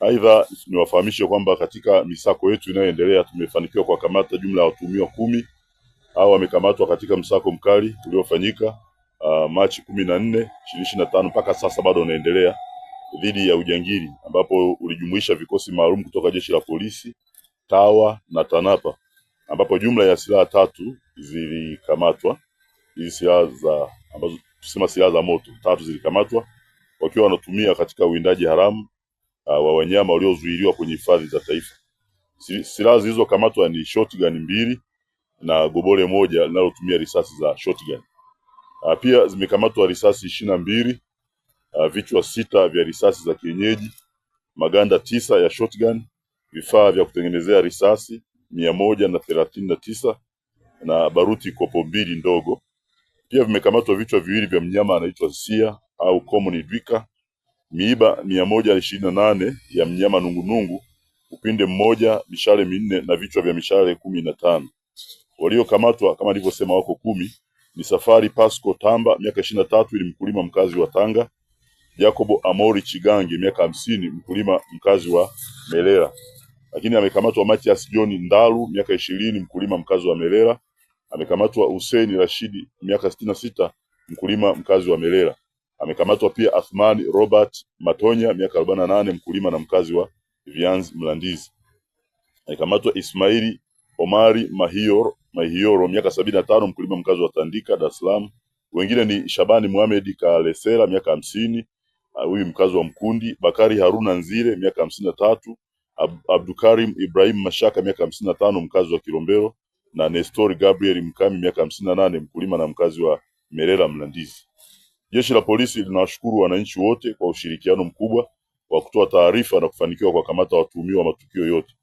Aidha, niwafahamishe kwamba katika misako yetu inayoendelea tumefanikiwa kuwakamata jumla ya watuhumiwa kumi au wamekamatwa katika msako mkali uliofanyika uh, Machi kumi na nne ishirini na tano mpaka sasa bado unaendelea dhidi ya ujangili ambapo ulijumuisha vikosi maalum kutoka jeshi la polisi, TAWA na TANAPA ambapo jumla ya silaha tatu zilikamatwa. Hizi silaha za ambazo tusema silaha za moto tatu zilikamatwa wakiwa wanatumia katika uwindaji haramu uh, wa wanyama waliozuiliwa kwenye hifadhi za taifa. Silaha zilizokamatwa ni shotgun mbili na gobole moja linalotumia risasi za shotgun. Uh, pia zimekamatwa risasi ishirini na mbili uh, vichwa sita vya risasi za kienyeji, maganda tisa ya shotgun, vifaa vya kutengenezea risasi mia moja na thelathini na tisa na baruti kopo mbili ndogo. Pia vimekamatwa vichwa viwili vya mnyama anaitwa sia au common duiker miiba mia moja ishirini na nane ya mnyama nungunungu upinde mmoja mishale minne na vichwa vya mishale kumi na tano waliokamatwa kama nilivyosema wako kumi ni Safari Pasco Tamba miaka ishirini na tatu ili mkulima mkazi wa Tanga, Jacobo Amori Chigange miaka hamsini mkulima mkazi wa Melera. Lakini amekamatwa Matias John Ndalu miaka ishirini mkulima mkazi wa Melera. Amekamatwa Hussein Rashidi miaka sitini na sita mkulima mkazi wa Melera. Amekamatwa pia athman Robert Matonya miaka 48 mkulima na mkazi wa Vianzi Mlandizi. Amekamatwa Ismaili Omari Mahior Mahioro miaka 75 mkulima mkazi wa Tandika Dar es Salaam. Wengine ni Shabani Mohamed kalesela miaka hamsini uh, huyu mkazi wa Mkundi. Bakari Haruna Nzire miaka 53 Abdukarim Ibrahim Mashaka miaka 55 mkazi wa Kilombero na Nestor Gabriel Mkami miaka 58 mkulima na mkazi wa Merela Mlandizi. Jeshi la Polisi linawashukuru wananchi wote kwa ushirikiano mkubwa wa kutoa taarifa na kufanikiwa kuwakamata watuhumiwa matukio yote.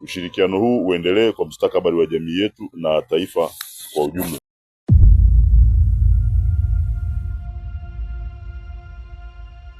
Ushirikiano huu uendelee kwa mustakabali wa jamii yetu na taifa kwa ujumla.